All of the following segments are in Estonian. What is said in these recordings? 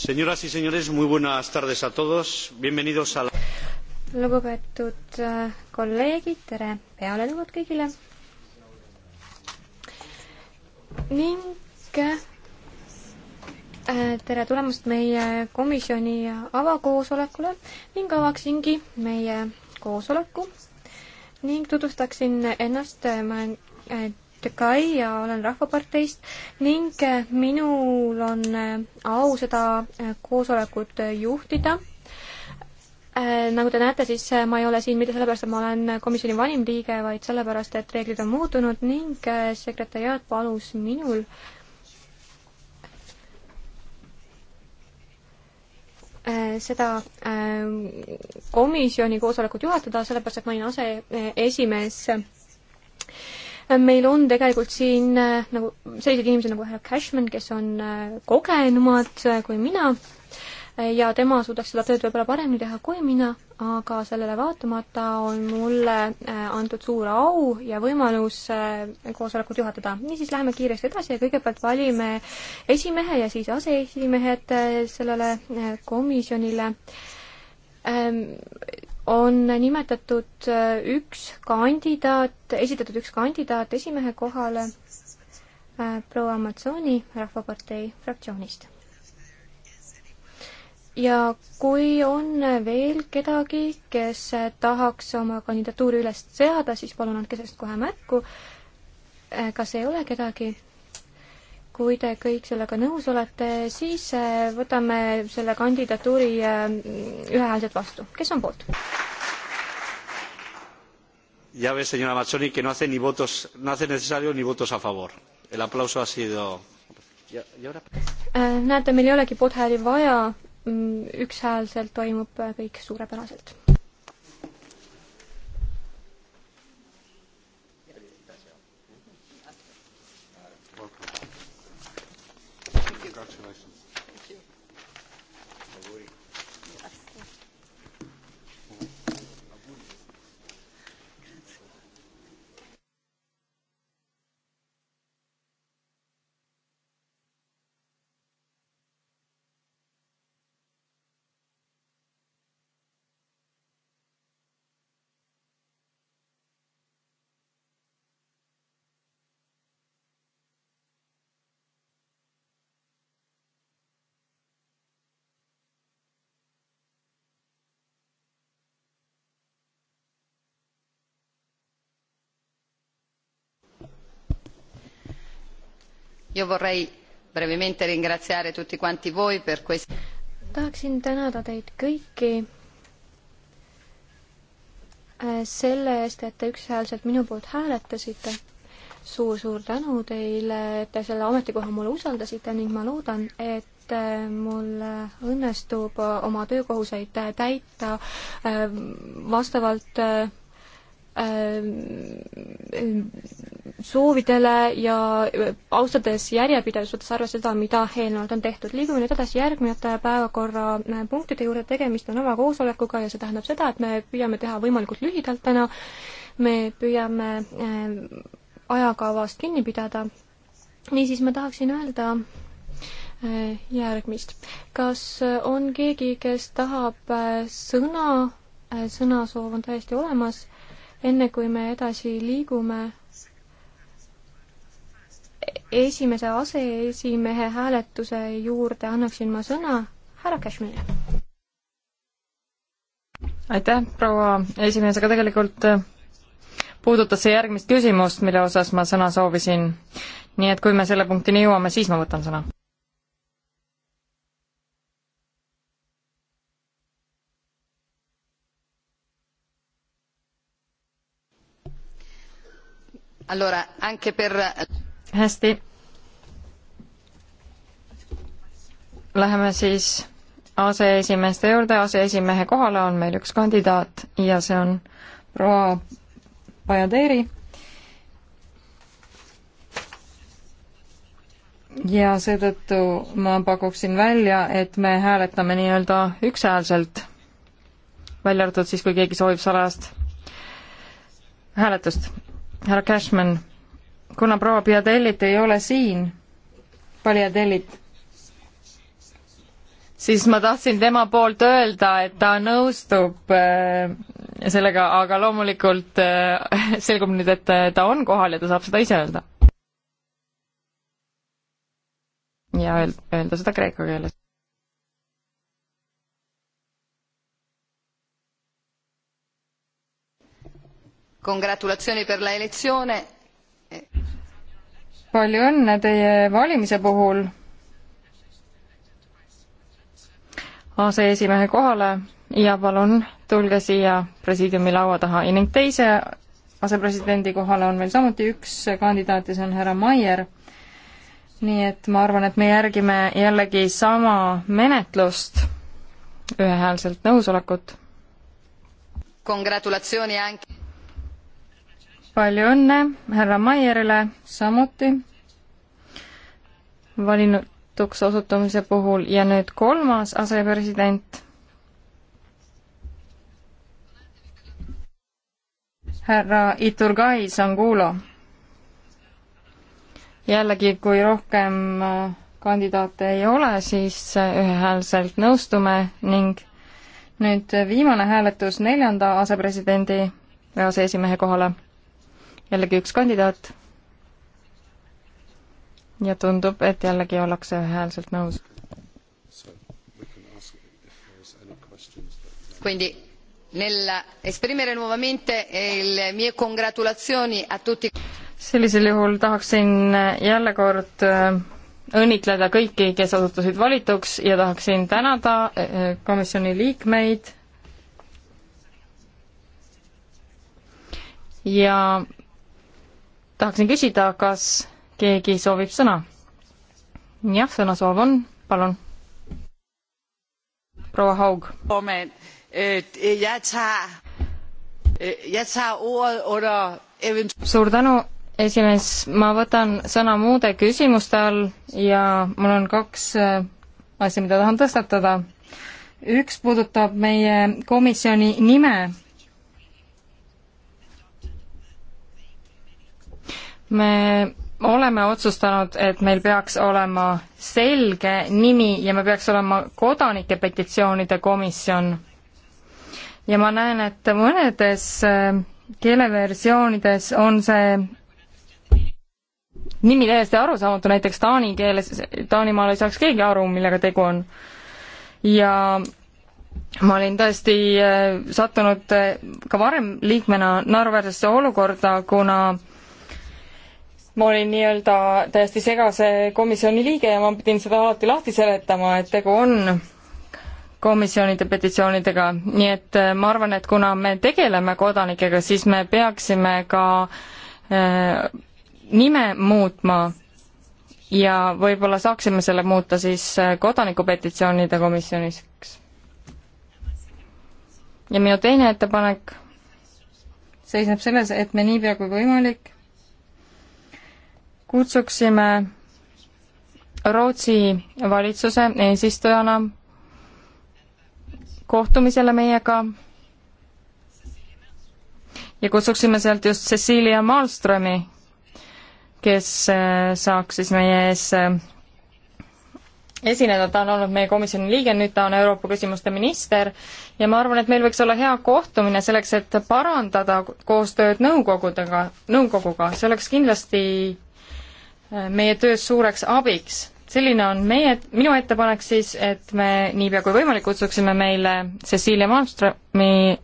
Señoras y señores, muy buenas tardes a todos. Bienvenidos a la... lugupeetud äh, kolleegid, tere pealelõunat kõigile. ning äh, tere tulemast meie komisjoni avakoosolekule ning avaksingi meie koosoleku ning tutvustaksin ennast, äh, ma olen Kai ja olen Rahvaparteist ning eh, minul on eh, au seda eh, koosolekut juhtida. nagu te näete, siis ma ei ole siin mitte sellepärast, et ma olen komisjoni vanim liige, vaid sellepärast, et reeglid on muutunud ning sekretäriaat palus minul seda komisjoni koosolekut juhatada, sellepärast et ma olin aseesimees meil on tegelikult siin äh, nagu sellised inimesed nagu härra Cashman, kes on äh, kogenumad äh, kui mina ja tema suudaks seda tööd võib-olla paremini teha kui mina, aga sellele vaatamata on mulle antud suur au ja võimalus koosolekut juhatada. niisiis läheme kiiresti edasi ja kõigepealt valime esimehe ja siis aseesimehed sellele komisjonile ehm, on nimetatud äh, üks kandidaat, esitatud üks kandidaat esimehe kohale, äh, proua Amazoni Rahvapartei fraktsioonist. ja kui on veel kedagi, kes tahaks oma kandidatuuri üles seada, siis palun andke sellest kohe märku. Äh, kas ei ole kedagi? kui te kõik sellega nõus olete, siis võtame selle kandidatuuri ühehäälselt vastu. kes on poolt? ya ve señora mazzoni que no hace, ni votos, no hace necesario ni votos a favor. el aplauso ha sido. Eh, näete, meil ei olegi poolthääli vaja, mm, ükshäälselt toimub eh, kõik suurepäraselt Io vorrei brevemente ringraziare tutti quanti voi per questo. tahaksin tänada teid kõiki äh, selle eest, et te ükshäälselt minu poolt hääletasite suur,. suur-suur tänu teile, et te selle ametikoha mulle usaldasite ning ma loodan, et äh, mul õnnestub äh, oma töökohuseid täita vastavalt soovidele ja austades järjepidevust, võttes arvesse seda, mida eelnevalt on tehtud. liigume nüüd edasi järgnevate päevakorrapunktide juurde, tegemist on avakoosolekuga ja see tähendab seda, et me püüame teha võimalikult lühidalt täna, me püüame ajakavast kinni pidada. niisiis ma tahaksin öelda järgmist. kas on keegi, kes tahab sõna, sõnasoov on täiesti olemas, enne kui me edasi liigume esimese aseesimehe hääletuse juurde annaksin ma sõna härra Cashmanile. aitäh, proua esimees, aga tegelikult äh, puudutas see järgmist küsimust, mille osas ma sõna soovisin. nii et kui me selle punktini jõuame, siis ma võtan sõna. Allora, anche per hästi. Läheme siis aseesimeeste juurde, aseesimehe kohale on meil üks kandidaat ja see on proua Pajadeeri. ja seetõttu ma pakuksin välja, et me hääletame nii-öelda ükshäälselt, välja arvatud siis, kui keegi soovib salajast hääletust. härra Cashman kuna proua Piadellit ei ole siin, Paliadellit, siis ma tahtsin tema poolt öelda, et ta nõustub äh, sellega, aga loomulikult äh, selgub nüüd, et äh, ta on kohal ja ta saab seda ise öelda. ja öelda seda kreeka keeles. Congratulazioni per la elezione palju õnne teie valimise puhul aseesimehe kohale ja palun tulge siia presiidiumi laua taha ja ning teise asepresidendi kohale on meil samuti üks kandidaat ja see on härra Maier. nii et ma arvan, et me järgime jällegi sama menetlust, ühehäälselt nõusolekut. Congratulazioni anche palju õnne härra Maierile samuti valinutuks osutumise puhul ja nüüd kolmas asepresident. härra Iturgai Sangulo. jällegi, kui rohkem äh, kandidaate ei ole, siis äh, ühehäälselt nõustume ning nüüd viimane hääletus neljanda asepresidendi või aseesimehe kohale jällegi üks kandidaat. ja tundub, et jällegi ollakse ühehäälselt nõus. Quindi nell'esprimere nuovamente eh, le mie congratulazioni a tutti sellisel juhul tahaksin eh, jälle kord eh, õnnitleda kõiki, kes osutusid valituks ja tahaksin tänada komisjoni liikmeid ja tahaksin küsida, kas keegi soovib sõna? jah, sõnasoov on, palun. proua Haug. Øh, øh, suur tänu, esimees, ma võtan sõna muude küsimuste all ja mul on kaks äh, asja, mida tahan tõstatada. üks puudutab meie komisjoni nime me oleme otsustanud, et meil peaks olema selge nimi ja me peaks olema kodanike petitsioonide komisjon. ja ma näen, et mõnedes äh, keeleversioonides on see nimi täiesti arusaamatu, näiteks taani keeles, Taanimaal ei saaks keegi aru, millega tegu on. ja ma olin tõesti äh, sattunud äh, ka varem liikmena naeruväärsesse olukorda, kuna ma olin nii-öelda täiesti segase komisjoni liige ja ma pidin seda alati lahti seletama, et tegu on komisjonide petitsioonidega, nii et äh, ma arvan, et kuna me tegeleme kodanikega, siis me peaksime ka äh, nime muutma ja võib-olla saaksime selle muuta siis äh, kodanikupetitsioonide komisjoniks. ja minu teine ettepanek seisneb selles, et me niipea kui võimalik kutsuksime Rootsi valitsuse eesistujana kohtumisele meiega ja kutsuksime sealt just Cecilia Malmströmi, kes äh, saaks siis meie ees äh, esineda, ta on olnud meie komisjoni liige, nüüd ta on Euroopa küsimuste minister ja ma arvan, et meil võiks olla hea kohtumine selleks, et parandada koostööd nõukogudega, nõukoguga, see oleks kindlasti meie töös suureks abiks. selline on meie, minu ettepanek siis, et me niipea kui võimalik kutsuksime meile Cecilia Malmströmi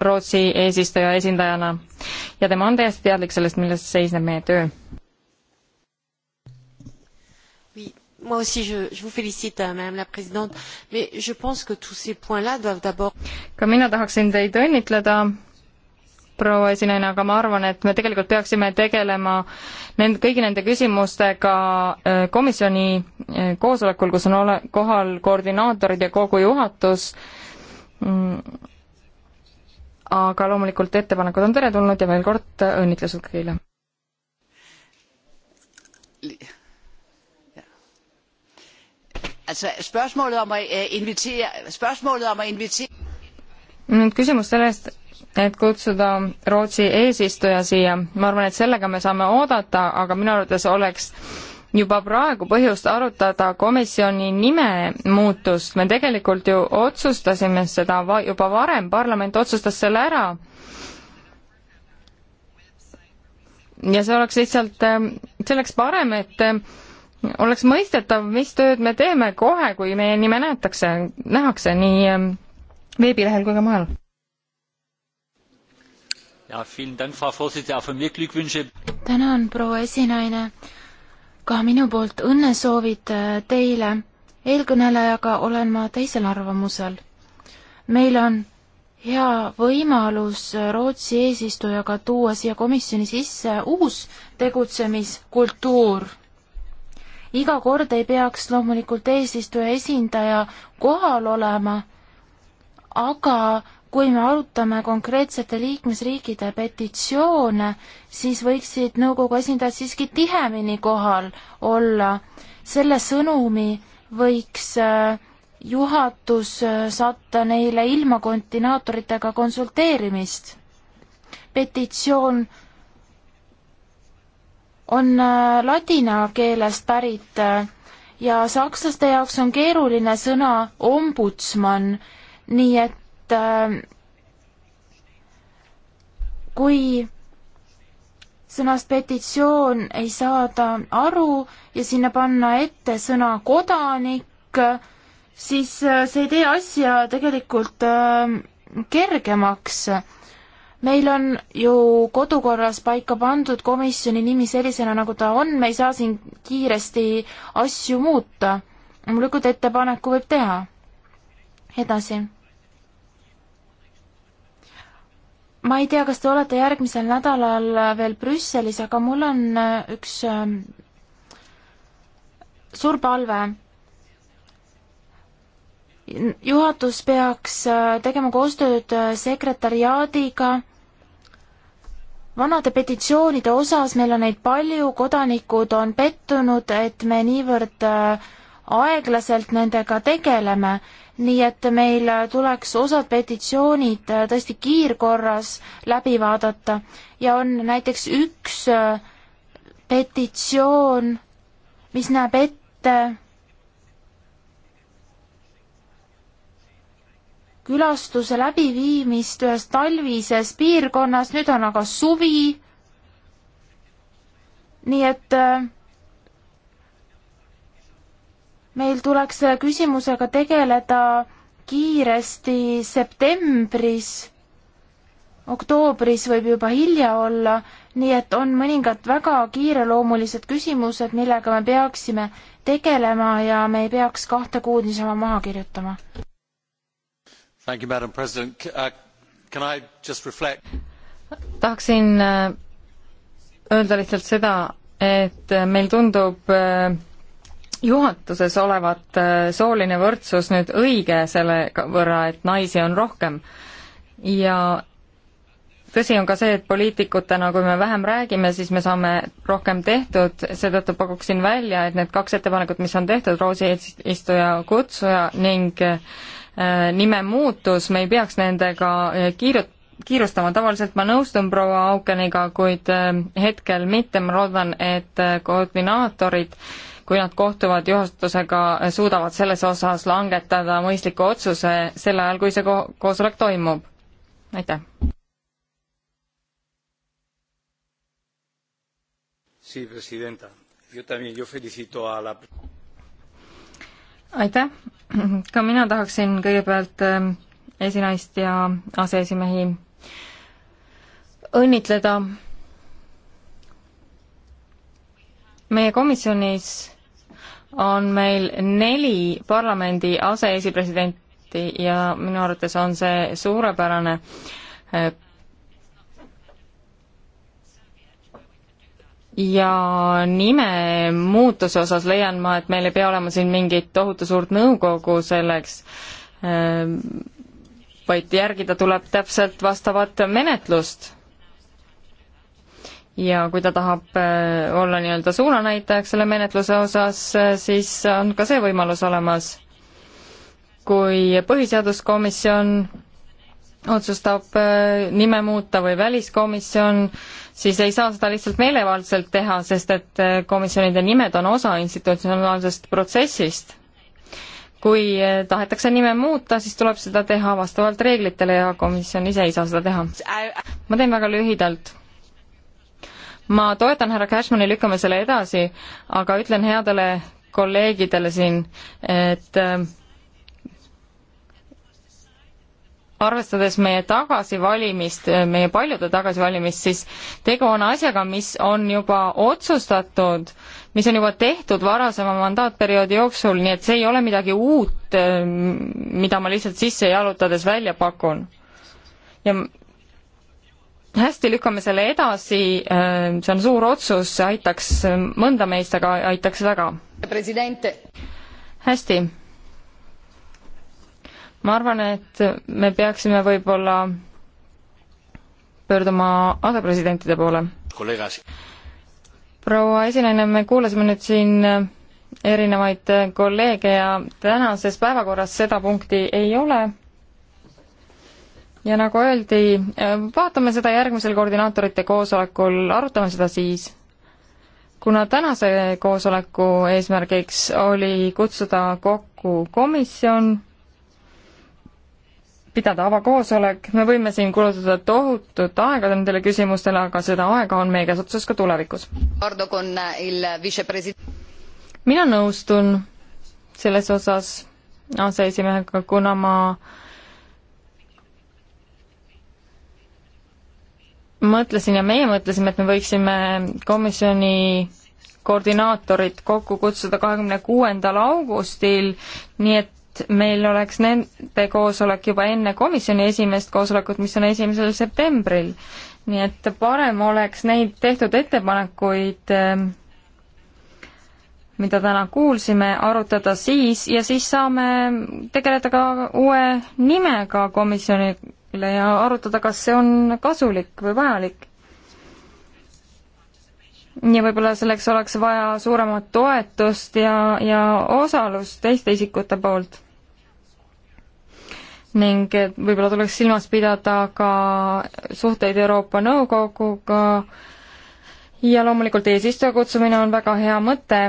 Rootsi eesistuja esindajana ja tema on täiesti teadlik sellest, milles seisneb meie töö. Moi aussi, je, je vous félicite, euh, Madame la Présidente, mais je pense que tous ces points-là doivent d'abord. ka mina tahaksin teid õnnitleda proua esinejana, aga ma arvan, et me tegelikult peaksime tegelema nende, kõigi nende küsimustega äh, komisjoni äh, koosolekul, kus on ole-, kohal koordinaatorid ja kogu juhatus, mm, aga loomulikult ettepanekud on teretulnud ja veel kord äh, õnnitlused kõigile. altså spørgsmålet om at øh, invitere, spørgsmålet om at invitere nüüd küsimus sellest, et kutsuda Rootsi eesistuja siia. ma arvan, et sellega me saame oodata, aga minu arvates oleks juba praegu põhjust arutada komisjoni nime muutust. me tegelikult ju otsustasime seda va juba varem, parlament otsustas selle ära. ja see oleks lihtsalt, ähm, see oleks parem, et ähm, oleks mõistetav, mis tööd me teeme kohe, kui meie nime näetakse, nähakse nii ähm, veebilehel kui ka mujal tänan, proua esinaine. ka minu poolt õnnesoovid äh, teile. eelkõnelejaga olen ma teisel arvamusel. meil on hea võimalus Rootsi eesistujaga tuua siia komisjoni sisse uus tegutsemiskultuur. iga kord ei peaks loomulikult eesistuja esindaja kohal olema, aga kui me arutame konkreetsete liikmesriikide petitsioone, siis võiksid nõukogu esindajad siiski tihemini kohal olla. selle sõnumi võiks äh, juhatus äh, saata neile ilma koordinaatoritega konsulteerimist. petitsioon on äh, ladina keelest pärit ja sakslaste jaoks on keeruline sõna ombudsman, nii et et äh, kui sõnast petitsioon ei saada aru ja sinna panna ette sõna kodanik, siis äh, see ei tee asja tegelikult äh, kergemaks. meil on ju kodukorras paika pandud komisjoni nimi sellisena, nagu ta on, me ei saa siin kiiresti asju muuta. loomulikult ettepaneku võib teha. edasi ma ei tea, kas te olete järgmisel nädalal veel Brüsselis, aga mul on äh, üks ähm, suur palve. juhatus peaks äh, tegema koostööd äh, sekretariaadiga vanade petitsioonide osas, meil on neid palju, kodanikud on pettunud, et me niivõrd aeglaselt nendega tegeleme nii et meil tuleks osad petitsioonid äh, tõesti kiirkorras läbi vaadata ja on näiteks üks äh, petitsioon, mis näeb ette külastuse läbiviimist ühes talvises piirkonnas, nüüd on aga suvi, nii et äh, meil tuleks selle küsimusega tegeleda kiiresti septembris, oktoobris võib juba hilja olla, nii et on mõningad väga kiireloomulised küsimused, millega me peaksime tegelema ja me ei peaks kahte kuud niisama maha kirjutama. Uh, tahaksin äh, öelda lihtsalt seda, et äh, meil tundub äh, juhatuses olevat äh, sooline võrdsus nüüd õige selle võrra, et naisi on rohkem. ja tõsi on ka see, et poliitikutena, kui me vähem räägime, siis me saame rohkem tehtud, seetõttu pakuksin välja, et need kaks ettepanekut, mis on tehtud, Roosi istuja kutsuja ning äh, nime muutus, me ei peaks nendega äh, kiirut-, kiirustama, tavaliselt ma nõustun proua Aukeniga, kuid äh, hetkel mitte, ma loodan, et koordinaatorid kui nad kohtuvad juhatusega, suudavad selles osas langetada mõistliku otsuse sel ajal, kui see ko-, koosolek toimub. aitäh! aitäh, ka mina tahaksin kõigepealt ähm, esinaist ja aseesimehi õnnitleda meie komisjonis on meil neli parlamendi aseesipresidenti ja minu arvates on see suurepärane äh, ja nime muutuse osas leian ma, et meil ei pea olema siin mingit tohutu suurt nõukogu selleks, äh, vaid järgida tuleb täpselt vastavat menetlust ja kui ta tahab äh, olla nii-öelda suunanäitajaks selle menetluse osas, äh, siis on ka see võimalus olemas. kui põhiseaduskomisjon otsustab äh, nime muuta või väliskomisjon, siis ei saa seda lihtsalt meelevaldselt teha, sest et komisjonide nimed on osa institutsionaalsest protsessist. kui tahetakse nime muuta, siis tuleb seda teha vastavalt reeglitele ja komisjon ise ei saa seda teha. ma teen väga lühidalt ma toetan härra Cashmani, lükkame selle edasi, aga ütlen headele kolleegidele siin, et äh, arvestades meie tagasivalimist, meie paljude tagasivalimist, siis tegu on asjaga, mis on juba otsustatud, mis on juba tehtud varasema mandaatperioodi jooksul, nii et see ei ole midagi uut, äh, mida ma lihtsalt sisse jalutades välja pakun. ja hästi, lükkame selle edasi, äh, see on suur otsus, see aitaks mõnda meist, aga aitaks väga. hästi. ma arvan, et me peaksime võib-olla pöörduma asepresidentide poole. proua esinaine, me kuulasime nüüd siin erinevaid kolleege ja tänases päevakorras seda punkti ei ole ja nagu öeldi, äh, vaatame seda järgmisel koordinaatorite koosolekul, arutame seda siis. kuna tänase koosoleku eesmärgiks oli kutsuda kokku komisjon, pidada avakoosolek, me võime siin kulutada tohutut aega nendele küsimustele, aga seda aega on meie käsutuses ka tulevikus. mina nõustun selles osas aseesimehega, kuna ma äh, mõtlesin ja meie mõtlesime, et me võiksime komisjoni koordinaatorid kokku kutsuda kahekümne kuuendal augustil, nii et meil oleks nende koosolek juba enne komisjoni esimest koosolekut, mis on esimesel septembril. nii et parem oleks neid tehtud ettepanekuid ähm, mida täna kuulsime, arutada siis ja siis saame tegeleda ka uue nimega komisjoni üle ja arutada, kas see on kasulik või vajalik. ja võib-olla selleks oleks vaja suuremat toetust ja, ja osalust teiste isikute poolt. ning võib-olla tuleks silmas pidada ka suhteid Euroopa Nõukoguga ja loomulikult eesistuja kutsumine on väga hea mõte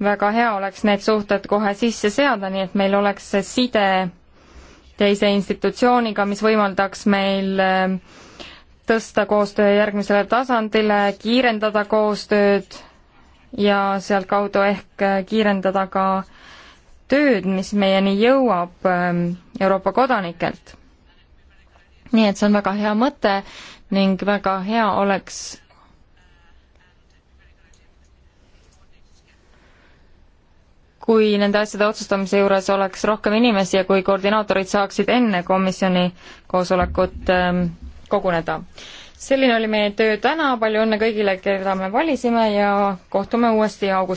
väga hea oleks need suhted kohe sisse seada, nii et meil oleks see side teise institutsiooniga, mis võimaldaks meil äh, tõsta koostöö järgmisele tasandile, kiirendada koostööd ja sealtkaudu ehk äh, kiirendada ka tööd, mis meieni jõuab ähm, Euroopa kodanikelt. nii et see on väga hea mõte ning väga hea oleks kui nende asjade otsustamise juures oleks rohkem inimesi ja kui koordinaatorid saaksid enne komisjoni koosolekut ähm, koguneda. selline oli meie töö täna, palju õnne kõigile, keda me valisime ja kohtume uuesti augustis.